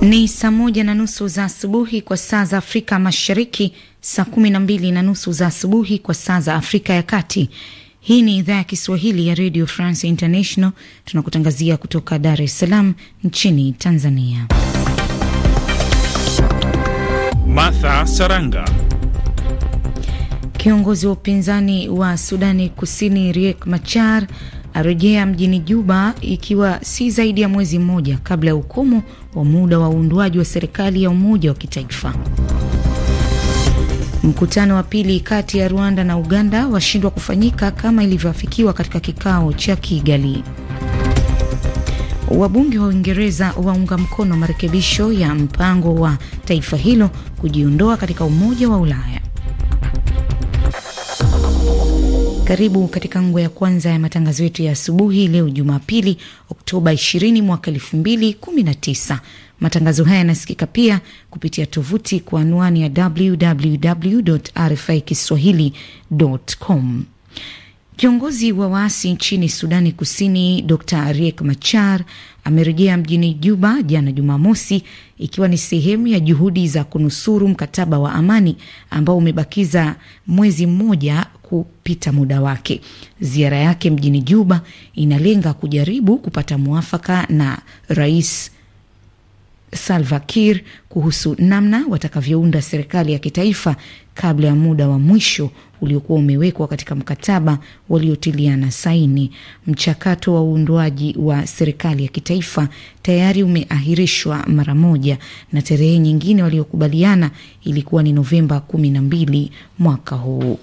Ni saa moja na nusu za asubuhi kwa saa za Afrika Mashariki, saa kumi na mbili na nusu za asubuhi kwa saa za Afrika ya Kati. Hii ni idhaa ya Kiswahili ya Radio France International, tunakutangazia kutoka Dar es Salaam nchini Tanzania. Martha Saranga. Kiongozi wa upinzani wa Sudani Kusini Riek Machar arejea mjini Juba ikiwa si zaidi ya mwezi mmoja kabla ya hukumu wa muda wa uundwaji wa serikali ya umoja wa kitaifa. Mkutano wa pili kati ya Rwanda na Uganda washindwa kufanyika kama ilivyoafikiwa katika kikao cha Kigali. Wabunge wa Uingereza waunga mkono marekebisho ya mpango wa taifa hilo kujiondoa katika umoja wa Ulaya. Karibu katika ngo ya kwanza ya matangazo yetu ya asubuhi leo Jumapili, Oktoba 20 mwaka 2019. Matangazo haya yanasikika pia kupitia tovuti kwa anwani ya www rfi kiswahili com Kiongozi wa waasi nchini Sudani Kusini Dr Riek Machar amerejea mjini Juba jana Jumamosi, ikiwa ni sehemu ya juhudi za kunusuru mkataba wa amani ambao umebakiza mwezi mmoja kupita muda wake. Ziara yake mjini Juba inalenga kujaribu kupata mwafaka na Rais Salva Kiir kuhusu namna watakavyounda serikali ya kitaifa kabla ya muda wa mwisho uliokuwa umewekwa katika mkataba waliotiliana saini. Mchakato wa uundwaji wa serikali ya kitaifa tayari umeahirishwa mara moja na tarehe nyingine waliokubaliana ilikuwa ni Novemba kumi na mbili mwaka huu.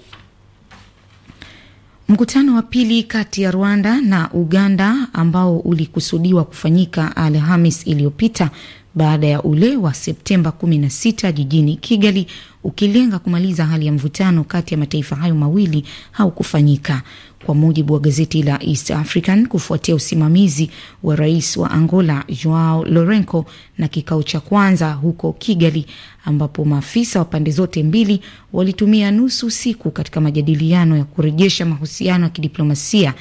Mkutano wa pili kati ya Rwanda na Uganda ambao ulikusudiwa kufanyika Alhamis iliyopita baada ya ule wa Septemba 16 jijini Kigali, ukilenga kumaliza hali ya mvutano kati ya mataifa hayo mawili haukufanyika. Kwa mujibu wa gazeti la East African, kufuatia usimamizi wa rais wa Angola Joao Lourenco na kikao cha kwanza huko Kigali, ambapo maafisa wa pande zote mbili walitumia nusu siku katika majadiliano ya kurejesha mahusiano ya kidiplomasia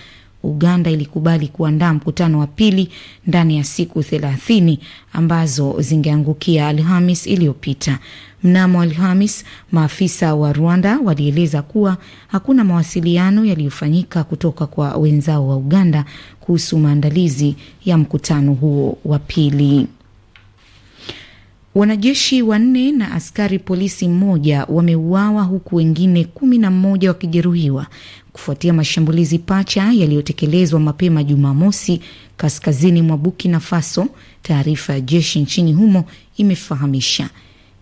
Uganda ilikubali kuandaa mkutano wa pili ndani ya siku thelathini ambazo zingeangukia Alhamis iliyopita. Mnamo Alhamis, maafisa wa Rwanda walieleza kuwa hakuna mawasiliano yaliyofanyika kutoka kwa wenzao wa Uganda kuhusu maandalizi ya mkutano huo wa pili. Wanajeshi wanne na askari polisi mmoja wameuawa huku wengine kumi na mmoja wakijeruhiwa kufuatia mashambulizi pacha yaliyotekelezwa mapema Jumamosi kaskazini mwa Burkina Faso. Taarifa ya jeshi nchini humo imefahamisha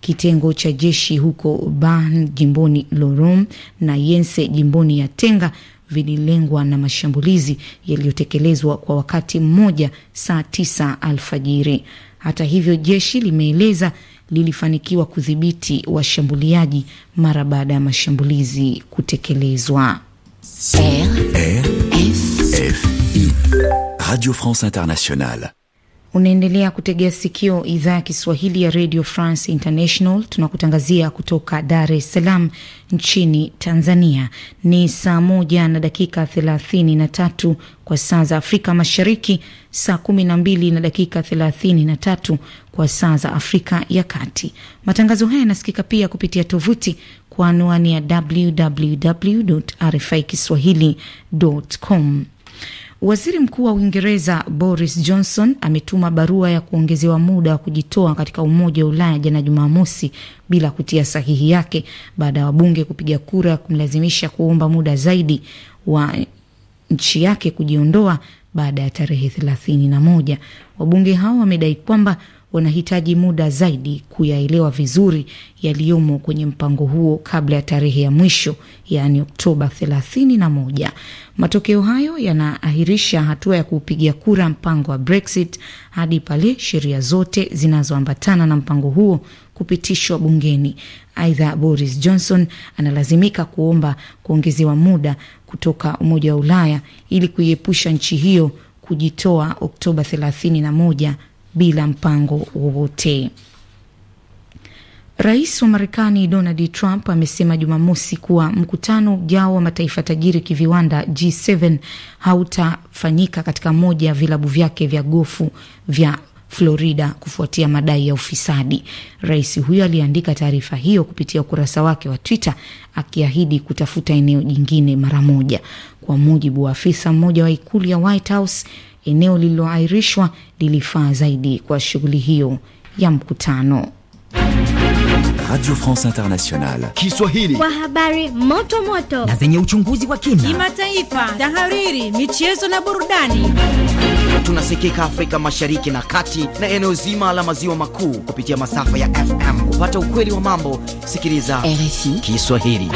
kitengo cha jeshi huko Ban jimboni Lorom na Yense jimboni ya Tenga vililengwa na mashambulizi yaliyotekelezwa kwa wakati mmoja saa tisa alfajiri. Hata hivyo, jeshi limeeleza lilifanikiwa kudhibiti washambuliaji mara baada ya mashambulizi kutekelezwa. Radio France Internationale. Unaendelea kutegea sikio idhaa ya Kiswahili ya Radio France International. Tunakutangazia kutoka Dar es Salaam nchini Tanzania. Ni saa moja na dakika thelathini na tatu kwa saa za Afrika Mashariki, saa kumi na mbili na dakika thelathini na tatu kwa saa za Afrika ya Kati. Matangazo haya yanasikika pia kupitia tovuti kwa anwani ya www rfi kiswahilicom Waziri Mkuu wa Uingereza Boris Johnson ametuma barua ya kuongezewa muda wa kujitoa katika Umoja wa Ulaya jana Jumamosi bila kutia sahihi yake baada ya wabunge kupiga kura ya kumlazimisha kuomba muda zaidi wa nchi yake kujiondoa baada ya tarehe thelathini na moja. Wabunge hao wamedai kwamba wanahitaji muda zaidi kuyaelewa vizuri yaliyomo kwenye mpango huo kabla ya tarehe ya mwisho yaani Oktoba 31. Matokeo hayo yanaahirisha hatua ya kupigia kura mpango wa Brexit hadi pale sheria zote zinazoambatana na mpango huo kupitishwa bungeni. Aidha, Boris Johnson analazimika kuomba kuongezewa muda kutoka Umoja wa Ulaya ili kuiepusha nchi hiyo kujitoa Oktoba 31 bila mpango wowote. Rais wa Marekani Donald Trump amesema Jumamosi kuwa mkutano ujao wa mataifa tajiri kiviwanda G7 hautafanyika katika moja ya vilabu vyake vya gofu vya Florida kufuatia madai ya ufisadi. Rais huyo aliandika taarifa hiyo kupitia ukurasa wake wa Twitter akiahidi kutafuta eneo jingine mara moja. Kwa mujibu wa afisa mmoja wa ikulu ya White House, eneo lililoahirishwa lilifaa zaidi kwa shughuli hiyo ya mkutano. Radio France Internationale Kiswahili, kwa habari moto moto na zenye uchunguzi wa kina, kimataifa, tahariri, michezo na burudani. Tunasikika Afrika Mashariki na Kati na eneo zima la maziwa makuu kupitia masafa ya FM. Kupata ukweli wa mambo, sikiliza RFI Kiswahili.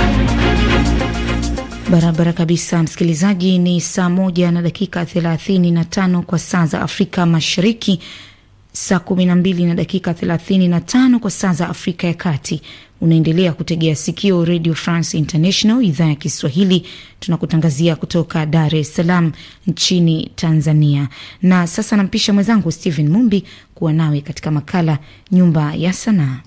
Barabara kabisa, msikilizaji. Ni saa moja na dakika thelathini na tano kwa saa za Afrika Mashariki, saa kumi na mbili na dakika thelathini na tano kwa saa za Afrika ya Kati. Unaendelea kutegea sikio Radio France International, idhaa ya Kiswahili. Tunakutangazia kutoka Dar es Salaam nchini Tanzania. Na sasa nampisha mwenzangu Stephen Mumbi kuwa nawe katika makala Nyumba ya Sanaa.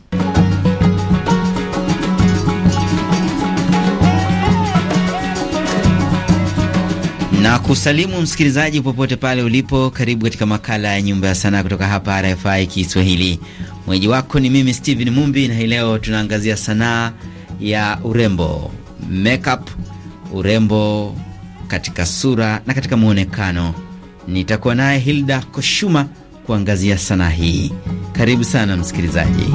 Nakusalimu msikilizaji popote pale ulipo, karibu katika makala ya nyumba ya sanaa kutoka hapa RFI Kiswahili. Mwenyeji wako ni mimi Steven Mumbi, na hii leo tunaangazia sanaa ya urembo, makeup, urembo katika sura na katika mwonekano. Nitakuwa naye Hilda Koshuma kuangazia sanaa hii. Karibu sana msikilizaji.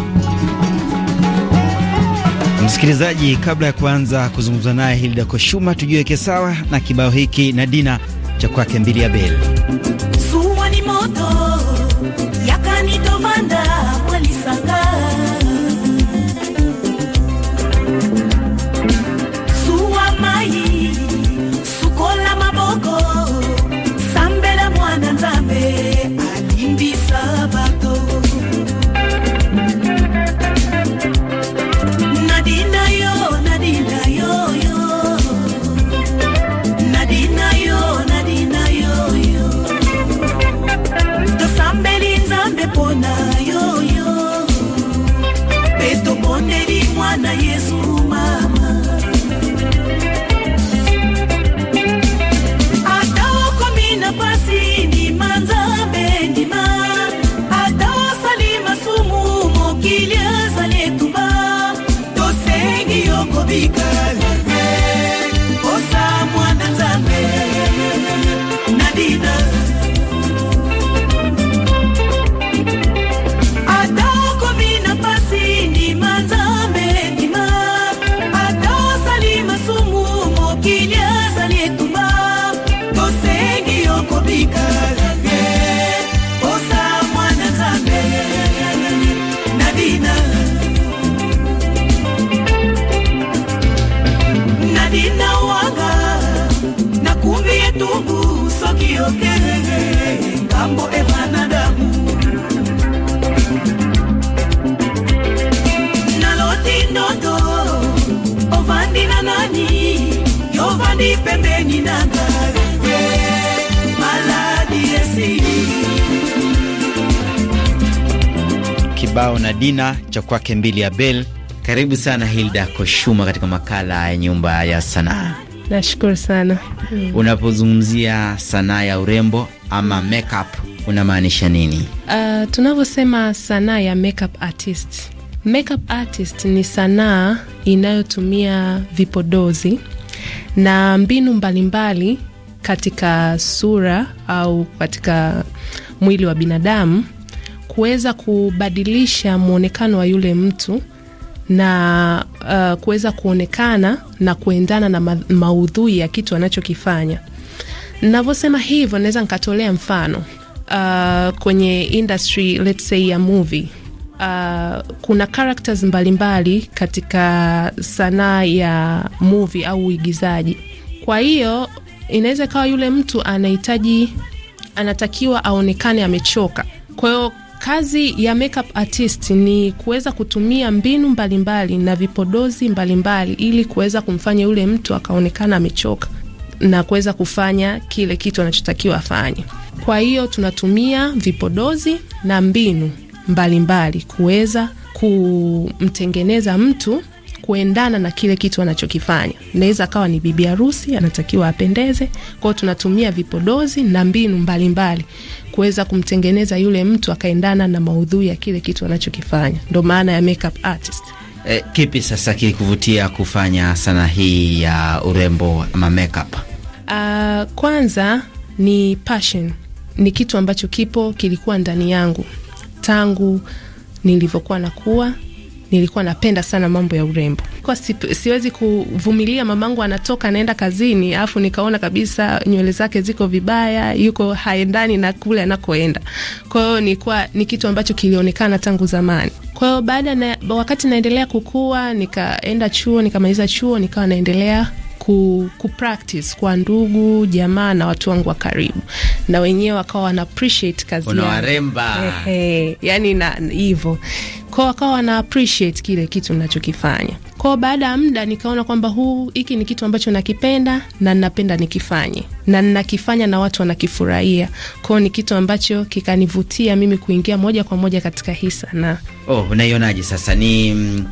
Msikilizaji, kabla ya kuanza kuzungumza naye Hilda Koshuma, tujiweke sawa na kibao hiki na Dina cha kwake mbili ya beli suwa ni moto yakanitovanda walisanga kibao na Dina cha kwake mbili ya Bel. Karibu sana Hilda Koshuma katika makala ya Nyumba ya Sanaa. Nashukuru sana. Hmm, Unapozungumzia sanaa ya urembo ama makeup unamaanisha nini? Uh, tunavyosema sanaa ya makeup artist. Makeup artist ni sanaa inayotumia vipodozi na mbinu mbalimbali mbali katika sura au katika mwili wa binadamu kuweza kubadilisha mwonekano wa yule mtu na uh, kuweza kuonekana na kuendana na ma maudhui ya kitu anachokifanya. Navyosema hivyo, naweza nikatolea mfano uh, kwenye industry let's say ya movie uh, kuna characters mbalimbali mbali katika sanaa ya movie au uigizaji. Kwa hiyo inaweza ikawa yule mtu anahitaji, anatakiwa aonekane amechoka, kwa hiyo Kazi ya makeup artist ni kuweza kutumia mbinu mbalimbali mbali na vipodozi mbalimbali mbali, ili kuweza kumfanya yule mtu akaonekana amechoka na kuweza kufanya kile kitu anachotakiwa afanye. Kwa hiyo tunatumia vipodozi na mbinu mbalimbali kuweza kumtengeneza mtu kuendana na kile kitu anachokifanya. Naweza akawa ni bibi harusi, anatakiwa apendeze. Kwao tunatumia vipodozi na mbinu mbalimbali kuweza kumtengeneza yule mtu akaendana na maudhui ya kile kitu anachokifanya. Ndo maana ya makeup artist. E, kipi sasa kilikuvutia kufanya sanaa hii ya urembo ama makeup? Uh, kwanza ni passion, ni kitu ambacho kipo kilikuwa ndani yangu tangu nilivyokuwa nakuwa nilikuwa napenda sana mambo ya urembo. Kwa si, siwezi kuvumilia mamangu anatoka anaenda kazini, alafu nikaona kabisa nywele zake ziko vibaya, yuko haendani na kule anakoenda. Kwa hiyo nilikuwa ni kitu ambacho kilionekana tangu zamani. Kwa hiyo baada na wakati naendelea kukua, nikaenda chuo, nikamaliza chuo, nikawa naendelea ku, ku practice kwa ndugu jamaa na watu wangu wa karibu, na wenyewe wakawa wana appreciate kazi yangu, unawaremba ehe, yani na hivyo kwa wakawa wana appreciate kile kitu ninachokifanya kwa Baada ya muda nikaona kwamba huu hiki ni kitu ambacho nakipenda na ninapenda nikifanye na ninakifanya na watu wanakifurahia. Kwao ni kitu ambacho kikanivutia mimi kuingia moja kwa moja katika hii sanaa. Oh, unaionaje sasa ni mm,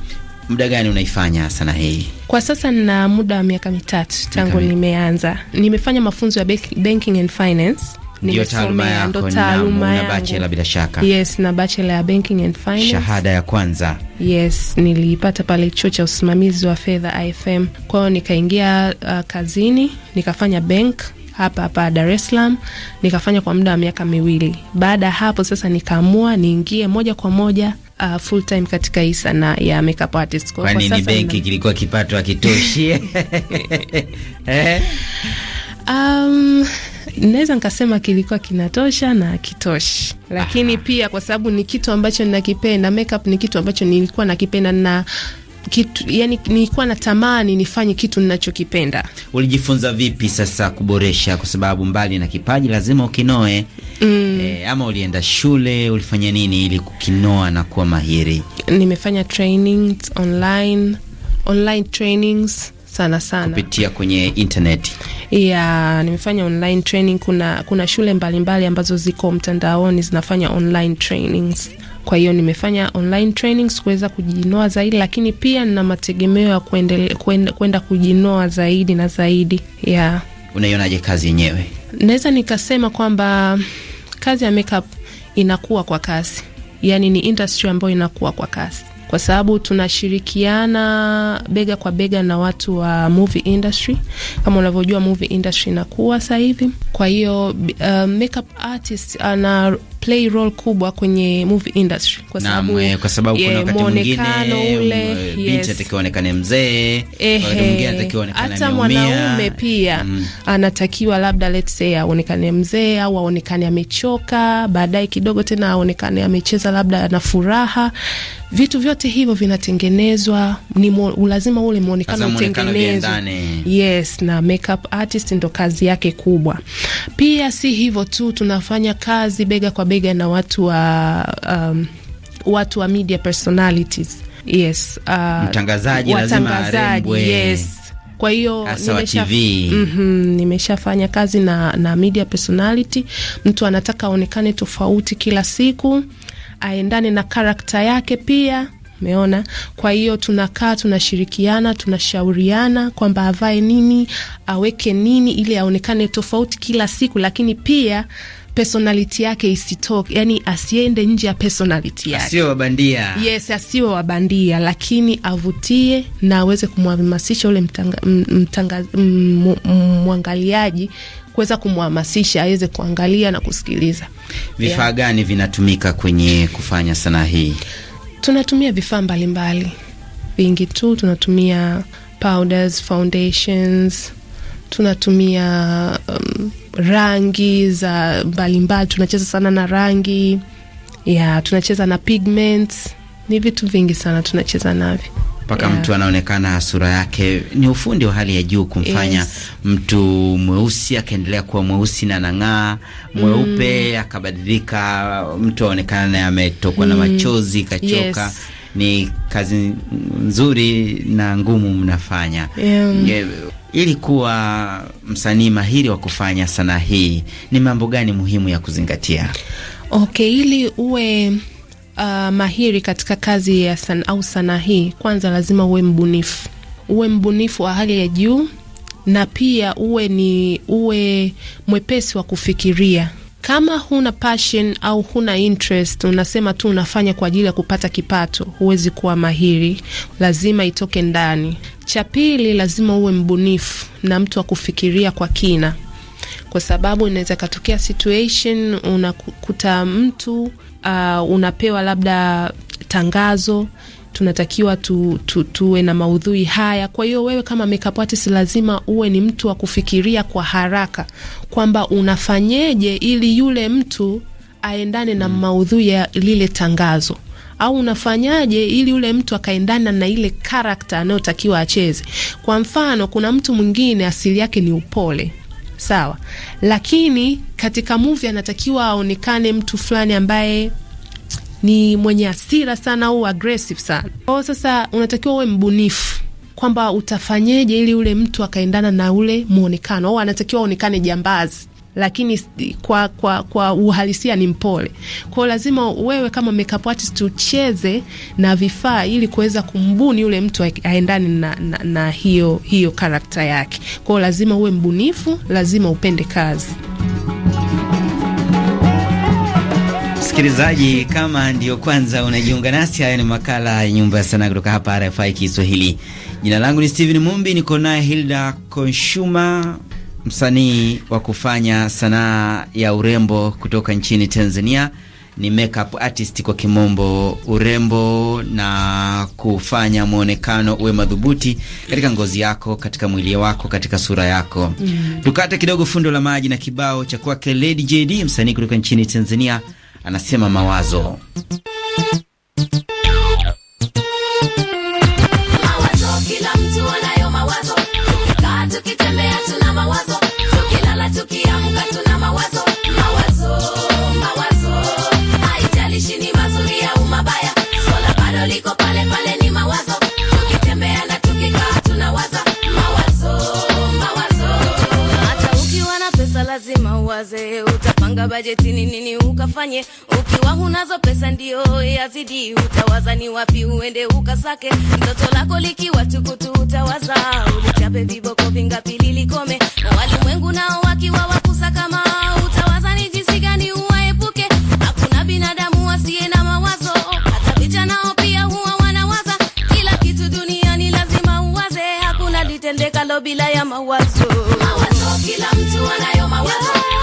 muda gani unaifanya sana hii? Kwa sasa nina muda wa miaka mitatu tangu nimeanza. Nimefanya mafunzo ya banking and finance ndio taaluma yako taaluma na bachelor bila shaka? Yes, na bachelor ya banking and finance. Shahada ya kwanza? Yes, niliipata pale chuo cha usimamizi wa fedha IFM. Kwa hiyo nikaingia uh, kazini nikafanya bank hapa hapa Dar es Salaam nikafanya kwa muda wa miaka miwili. Baada ya hapo sasa nikaamua niingie moja kwa moja uh, full time katika hii sanaa ya makeup artist. Kwa nini benki kilikuwa kipato hakitoshi? eh? Um, naweza nikasema kilikuwa kinatosha na kitoshi, lakini Aha. pia kwa sababu ni kitu ambacho ninakipenda, makeup ni kitu ambacho nilikuwa nakipenda na kitu, yani nilikuwa natamani nifanye kitu ninachokipenda. Ulijifunza vipi sasa kuboresha, kwa sababu mbali na kipaji lazima ukinoe? Mm. E, ama ulienda shule, ulifanya nini ili kukinoa na kuwa mahiri? Nimefanya trainings online, online trainings sana sana kupitia kwenye internet ya yeah, nimefanya online training. Kuna, kuna shule mbalimbali mbali ambazo ziko mtandaoni zinafanya online trainings. Kwa hiyo nimefanya online training kuweza kujinoa zaidi, lakini pia nina mategemeo ya kwenda kujinoa zaidi na zaidi yeah. Unaionaje kazi yenyewe? Naweza nikasema kwamba kazi ya makeup inakuwa kwa kasi, yani ni industry ambayo inakuwa kwa kasi kwa sababu tunashirikiana bega kwa bega na watu wa movie industry. Kama unavyojua movie industry inakuwa sasa hivi, kwa hiyo uh, makeup artist ana play role kubwa kwenye movie industry kwa sababu eh, kwa sababu yeah, kuna mm, wakati mwingine ule binti atakiwa onekane mzee, wakati mwingine atakiwa onekane hata mwanaume pia mm, anatakiwa labda let's say aonekane mzee au aonekane amechoka, baadaye kidogo tena aonekane amecheza labda na furaha. Vitu vyote hivyo vinatengenezwa, ni lazima ule muonekano utengenezwe. Yes, na makeup artist ndo kazi yake kubwa. Pia si hivyo tu, tunafanya kazi bega kwa bega Omega na watu wa um, watu wa media personalities yes, uh, mtangazaji lazima arembwe yes. Kwa hiyo nimesha, mm -hmm, kazi na, na media personality. Mtu anataka aonekane tofauti kila siku, aendane na karakta yake pia meona kwa hiyo tunakaa, tunashirikiana, tunashauriana kwamba avae nini, aweke nini, ili aonekane tofauti kila siku, lakini pia personality yake isitoke, yani asiende nje ya personality yake, asiwe wabandia. Yes, asiwe wabandia, lakini avutie na aweze kumhamasisha ule mwangaliaji kuweza kumhamasisha aweze kuangalia na kusikiliza. Vifaa yeah, gani vinatumika kwenye kufanya sanaa hii? Tunatumia vifaa mbalimbali vingi tu, tunatumia powders, foundations tunatumia um, rangi za mbalimbali, tunacheza sana na rangi ya, tunacheza na pigments. Ni vitu vingi sana tunacheza navyo mpaka yeah, mtu anaonekana sura yake. Ni ufundi wa hali ya juu kumfanya yes, mtu mweusi akaendelea kuwa mweusi na nang'aa, mweupe mm, akabadilika, mtu aonekana naye ametokwa mm, na machozi kachoka, yes. Ni kazi nzuri na ngumu mnafanya yeah. Yeah ili kuwa msanii mahiri wa kufanya sanaa hii, ni mambo gani muhimu ya kuzingatia? Okay, ili uwe uh, mahiri katika kazi ya san, au sanaa hii, kwanza lazima uwe mbunifu, uwe mbunifu wa hali ya juu, na pia uwe ni uwe mwepesi wa kufikiria kama huna passion au huna interest, unasema tu unafanya kwa ajili ya kupata kipato, huwezi kuwa mahiri, lazima itoke ndani. Cha pili, lazima uwe mbunifu na mtu wa kufikiria kwa kina, kwa sababu inaweza katokea situation unakuta mtu uh, unapewa labda tangazo tunatakiwa tu, tu, tuwe na maudhui haya. Kwa hiyo wewe kama makeup artist lazima uwe ni mtu wa kufikiria kwa haraka kwamba unafanyeje ili yule mtu aendane na mm. maudhui ya lile tangazo au unafanyaje ili yule mtu akaendana na ile karakta anayotakiwa acheze. Kwa mfano, kuna mtu mwingine asili yake ni upole, sawa, lakini katika movie anatakiwa aonekane mtu fulani ambaye ni mwenye hasira sana au aggressive sana. Kwa sasa unatakiwa uwe mbunifu kwamba utafanyeje ili ule mtu akaendana na ule mwonekano, au anatakiwa aonekane jambazi lakini kwa, kwa, kwa uhalisia ni mpole. Kwa hiyo lazima wewe kama makeup artist ucheze na vifaa ili kuweza kumbuni yule mtu aendane na, na, na hiyo, hiyo karakta yake. Kwa hiyo lazima uwe mbunifu, lazima upende kazi. Msikilizaji, kama ndio kwanza unajiunga nasi, haya ni makala ya Nyumba ya Sanaa kutoka hapa RFI Kiswahili. Jina langu ni Steven Mumbi, niko naye Hilda Konshuma, msanii wa kufanya sanaa ya urembo kutoka nchini Tanzania, ni makeup artist kwa kimombo, urembo na kufanya mwonekano uwe madhubuti katika ngozi yako, katika mwili wako, katika sura yako. Mm. Tukate kidogo fundo la maji na kibao cha kwake Lady JD, msanii kutoka nchini Tanzania anasema mawazo bajeti ni nini ukafanye, ukiwa unazo pesa ndio yazidi. Utawaza ni wapi uende ukasake, mtoto lako likiwa tukutu utawaza ulichape viboko vingapi lilikome, na walimwengu nao wakiwa wakusa kama utawaza ni jinsi gani Hakuna binadamu wasiye na mawazo, hata picha nao huwa wanawaza. Kila kitu duniani lazima uwaze, hakuna litendekalo bila ya mawazo. Mawazo, kila mtu anayo mawazo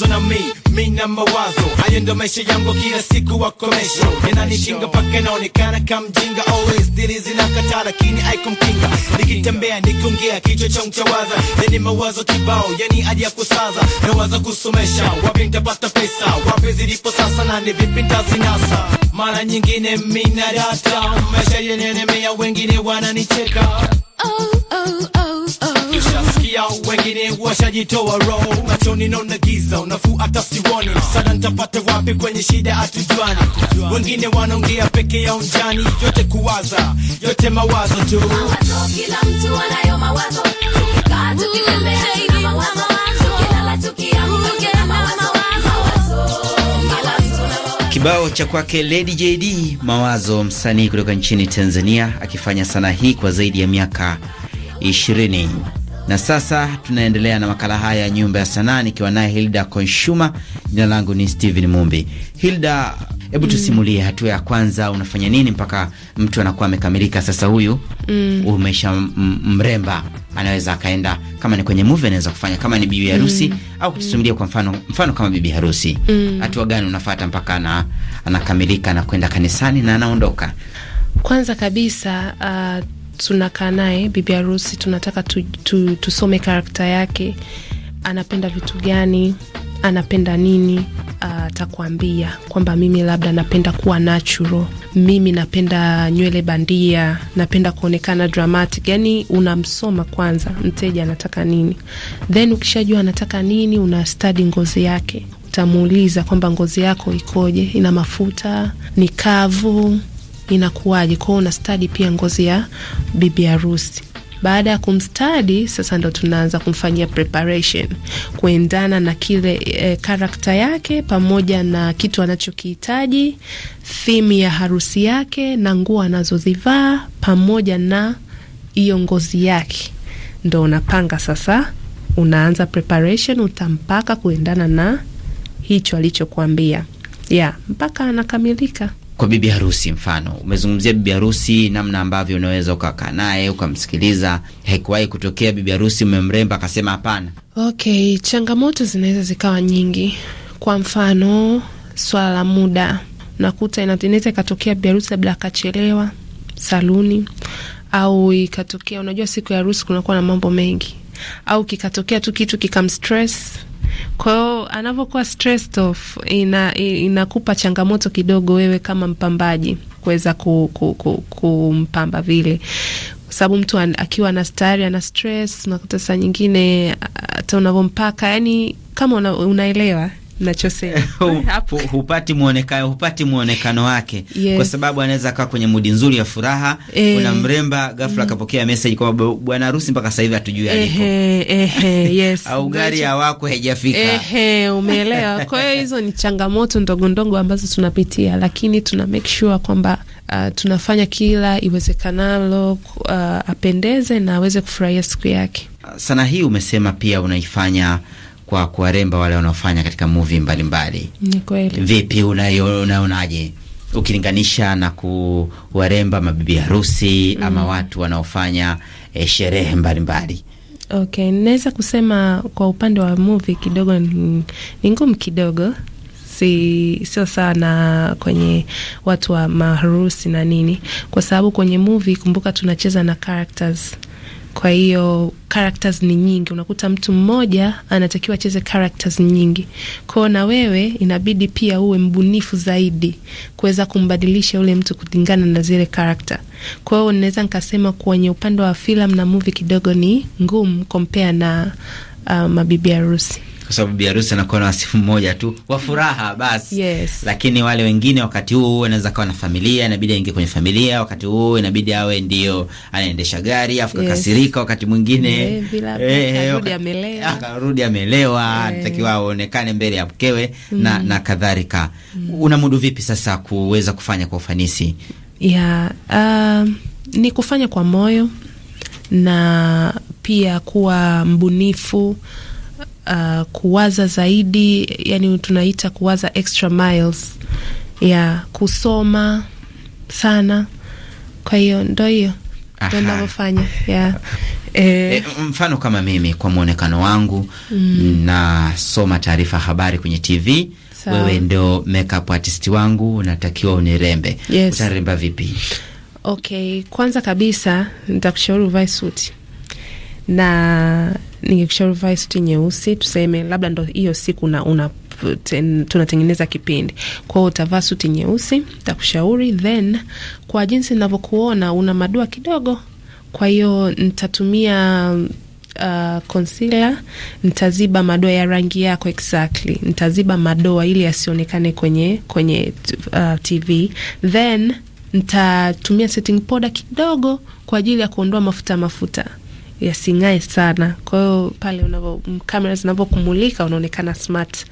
mawazo na mi mi na mawazo hayo ndo maisha yangu kila siku wako wakomesho inanishinga paka inaonekana kamjinga always dili zinakataa lakini aikumkinga nikitembea nikungia kichwa cha mchawaza yani mawazo kibao yani hadi ya kusaza nawaza kusomesha wapi nitapata pesa wapi zilipo sasa na ni vipi ntazinasa mara nyingine mi mina data maisha mea wengine wananicheka oh, oh, oh kuingia, wengine washajitoa roho, machoni naona giza, unafuu hata siwoni, msaada nitapata wapi? Kwenye shida hatujuani, wengine wanaongea peke yao mjani, yote kuwaza, yote mawazo tu Kibao cha kwake Lady JD Mawazo, msanii kutoka nchini Tanzania, akifanya sanaa hii kwa zaidi ya miaka 20. Na sasa tunaendelea na makala haya ya nyumba ya sanaa nikiwa naye Hilda Konshuma. Jina langu ni Steven Mumbi. Hilda, hebu mm, tusimulie hatua ya kwanza, unafanya nini mpaka mtu anakuwa amekamilika? Sasa huyu mm, umesha mremba, anaweza akaenda kama ni kwenye movie, anaweza kufanya kama ni bibi harusi mm, au kutusimulia kwa mfano, mfano kama bibi harusi, mm. hatua gani unafata mpaka ana, anakamilika, anakwenda kanisani na anaondoka? Kwanza kabisa uh, tunakaa naye bibi harusi, tunataka tu, tu, tusome karakta yake, anapenda vitu gani, anapenda nini. Ah, atakwambia uh, kwamba mimi labda napenda kuwa natural, mimi napenda nywele bandia, napenda kuonekana dramatic. Yani unamsoma kwanza mteja anataka nini, then ukishajua anataka nini, una study ngozi yake. Utamuuliza kwamba ngozi yako ikoje, ina mafuta, ni kavu inakuwaje kwao, una stadi pia ngozi ya bibi harusi. Baada ya kumstadi sasa, ndo tunaanza kumfanyia preparation kuendana na kile e, eh, karakta yake pamoja na kitu anachokihitaji, thimu ya harusi yake na nguo anazozivaa pamoja na hiyo ngozi yake, ndo unapanga sasa, unaanza preparation, utampaka kuendana na hicho alichokuambia, yeah, mpaka anakamilika kwa bibi harusi. Mfano, umezungumzia bibi harusi, namna ambavyo unaweza ukakaa naye ukamsikiliza. Haikuwahi kutokea bibi harusi umemremba akasema hapana? Okay, changamoto zinaweza zikawa nyingi. Kwa mfano, swala la muda, nakuta inaweza ikatokea bibi harusi labda akachelewa saluni, au ikatokea, unajua siku ya harusi kunakuwa na mambo mengi, au kikatokea tu kitu kikamstress kwa hiyo anavyokuwa stressed off ina inakupa changamoto kidogo wewe kama mpambaji kuweza kumpamba ku, ku, vile kwa sababu mtu an, akiwa na stari ana stress unakuta saa nyingine hata unavyompaka yani kama una, unaelewa Eh, hupati mwonekano hupati mwonekano wake yes. Kwa sababu anaweza kaa kwenye mudi nzuri ya furaha e, una mremba ghafla mm. akapokea mm, message kwamba bwana harusi mpaka sasa hivi hatujui aliko ehe, yes, au gari ya wako haijafika ehe, umeelewa. Kwa hiyo hizo ni changamoto ndogo ndogo ambazo tunapitia, lakini tuna make sure kwamba uh, tunafanya kila iwezekanalo uh, apendeze na aweze kufurahia siku yake. Sanaa hii umesema pia unaifanya kwa kuwaremba wale wanaofanya katika muvi mbalimbali. Ni kweli. Vipi unaonaje ukilinganisha na kuwaremba mabibi harusi mm, ama watu wanaofanya eh, sherehe mbalimbali? Okay, naweza kusema kwa upande wa muvi kidogo ni ngumu kidogo si sio sawa na kwenye watu wa maharusi na nini, kwa sababu kwenye movie, kumbuka tunacheza na characters kwa hiyo characters ni nyingi, unakuta mtu mmoja anatakiwa acheze characters nyingi. Kwao na wewe inabidi pia uwe mbunifu zaidi kuweza kumbadilisha yule mtu kulingana na zile character. Kwa hiyo naweza nikasema kwenye upande wa filamu na movie kidogo ni ngumu compare na uh, mabibi harusi kwa sababu biharusi anakuwa na wasifu mmoja tu wa furaha basi. Yes. Lakini wale wengine wakati huu anaweza kawa na familia, inabidi aingie kwenye familia, wakati huu inabidi awe ndio anaendesha gari afu kakasirika, wakati mwingine eh, eh, eh, akarudi amelewa, anatakiwa aonekane mbele ya mkewe mm. na, na kadhalika mm. unamudu vipi sasa kuweza kufanya kwa ufanisi? Yeah, uh, um, ni kufanya kwa moyo na pia kuwa mbunifu uh, kuwaza zaidi, yani tunaita kuwaza extra miles ya yeah, kusoma sana. Kwa hiyo ndo hiyo ndo navyofanya yeah. E, mfano kama mimi kwa mwonekano wangu mm, nasoma taarifa habari kwenye TV. Sao. Wewe ndio makeup artist wangu, unatakiwa unirembe. Yes. Utaremba vipi? Okay, kwanza kabisa nitakushauri uvae suti na ningekushauri vae suti nyeusi, tuseme labda ndo hiyo siku na una tunatengeneza kipindi. Kwa utavaa suti nyeusi, takushauri then, kwa jinsi ninavyokuona una madoa kidogo, kwa hiyo nitatumia Uh, concealer nitaziba madoa ya rangi yako exactly, nitaziba madoa ili yasionekane kwenye kwenye uh, TV then nitatumia setting powder kidogo kwa ajili ya kuondoa mafuta mafuta yasing'ae sana. Kwa hiyo pale unavyo kamera zinavyokumulika unaonekana smart.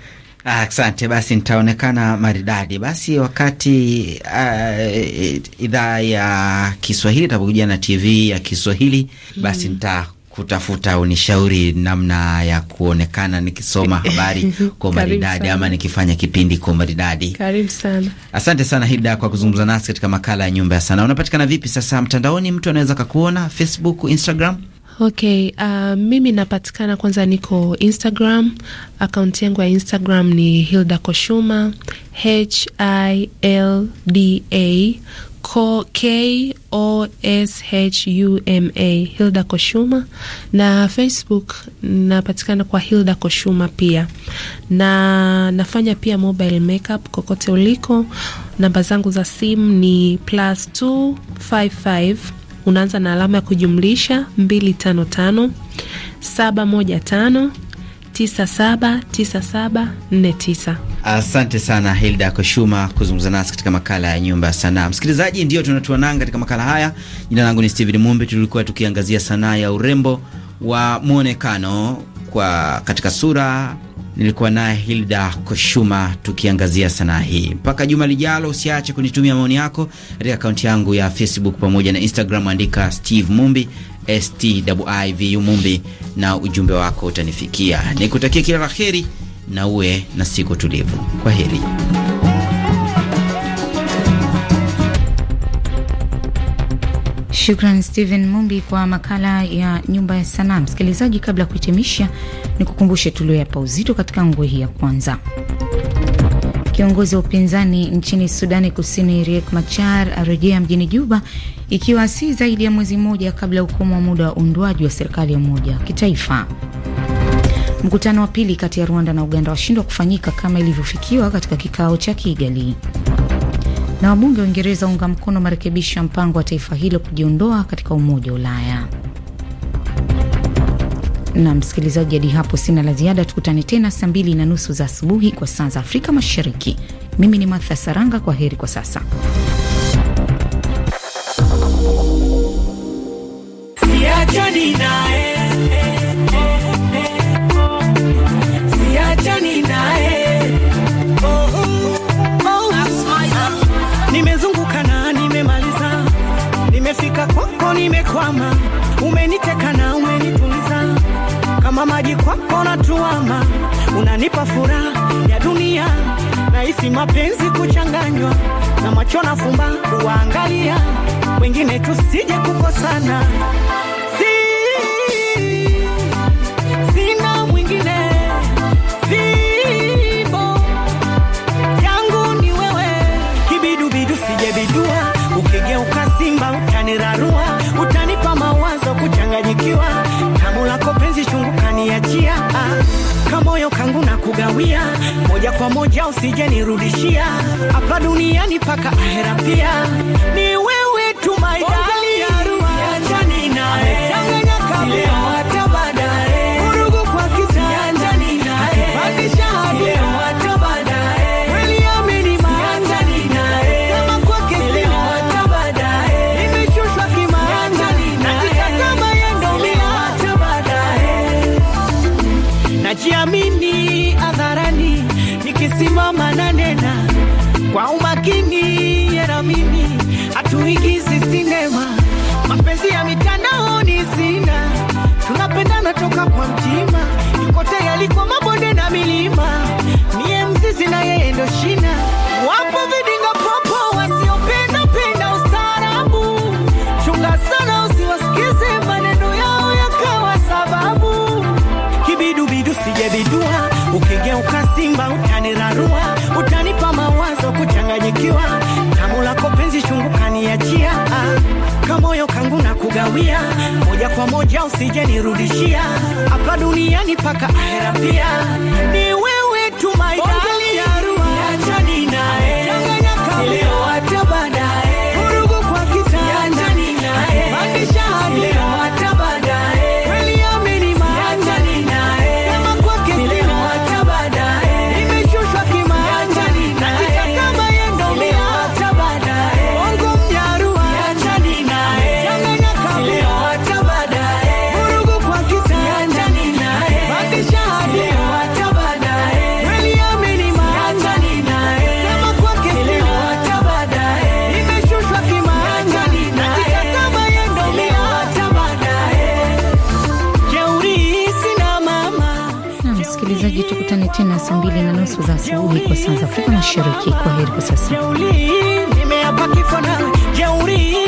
Ah, asante ah, basi, nitaonekana maridadi. Basi wakati uh, idhaa ya Kiswahili itapokuja na TV ya Kiswahili basi mm-hmm. nita mm. kutafuta unishauri namna ya kuonekana nikisoma habari kwa maridadi ama nikifanya kipindi kwa maridadi. Karibu sana. Asante sana Hilda kwa kuzungumza nasi katika makala ya Nyumba ya Sanaa. Unapatikana vipi sasa mtandaoni? Mtu anaweza kakuona Facebook, Instagram? Okay, uh, mimi napatikana kwanza, niko Instagram. Akaunti yangu ya Instagram ni Hilda Koshuma, H I L D A K O S H U M A, Hilda Koshuma. Na Facebook napatikana kwa Hilda Koshuma pia, na nafanya pia mobile makeup kokote uliko. Namba zangu za simu ni plus 255 unaanza na alama ya kujumlisha 255 715 Asante sana Hilda Koshuma kuzungumza nasi katika makala ya nyumba ya sanaa. Msikilizaji, ndio tunatua nanga katika makala haya. Jina langu ni Steven Mumbi. Tulikuwa tukiangazia sanaa ya urembo wa mwonekano kwa katika sura nilikuwa naye Hilda Koshuma tukiangazia sanaa hii. Mpaka juma lijalo, usiache kunitumia maoni yako katika akaunti yangu ya Facebook pamoja na Instagram, andika Steve Mumbi Stivu Mumbi na ujumbe wako utanifikia. Nikutakia kila la heri na uwe na siku tulivu. Kwa heri. Shukran Stephen Mumbi kwa makala ya nyumba ya sanaa. Msikilizaji, kabla ya kuhitimisha, ni kukumbushe tulioyapa uzito katika nguo hii ya kwanza. Kiongozi wa upinzani nchini Sudani Kusini Riek Machar arejea mjini Juba ikiwa si zaidi ya mwezi mmoja kabla ya ukomo wa muda wa uundwaji wa serikali ya umoja wa kitaifa. Mkutano wa pili kati ya Rwanda na Uganda washindwa kufanyika kama ilivyofikiwa katika kikao cha Kigali. Na wabunge wa Uingereza waunga mkono marekebisho ya mpango wa taifa hilo kujiondoa katika umoja wa Ulaya na msikilizaji, hadi hapo sina la ziada. Tukutane tena saa mbili na nusu za asubuhi kwa saa za Afrika Mashariki. Mimi ni Martha Saranga, kwa heri kwa sasa. Nimezunguka na nimemaliza, nimefika kwako, nimekwama, wako tuama, unanipa furaha ya dunia, nahisi mapenzi kuchanganywa na macho nafumba fumba kuwaangalia wengine, tusije kukosana. sawia, moja kwa moja usijenirudishia hapa duniani paka ahera pia ni ajanirudishia hapa duniani paka ahera pia Imetimia saa mbili na nusu za asubuhi kwa saa za Afrika Mashariki. Kwa heri kwa sasa.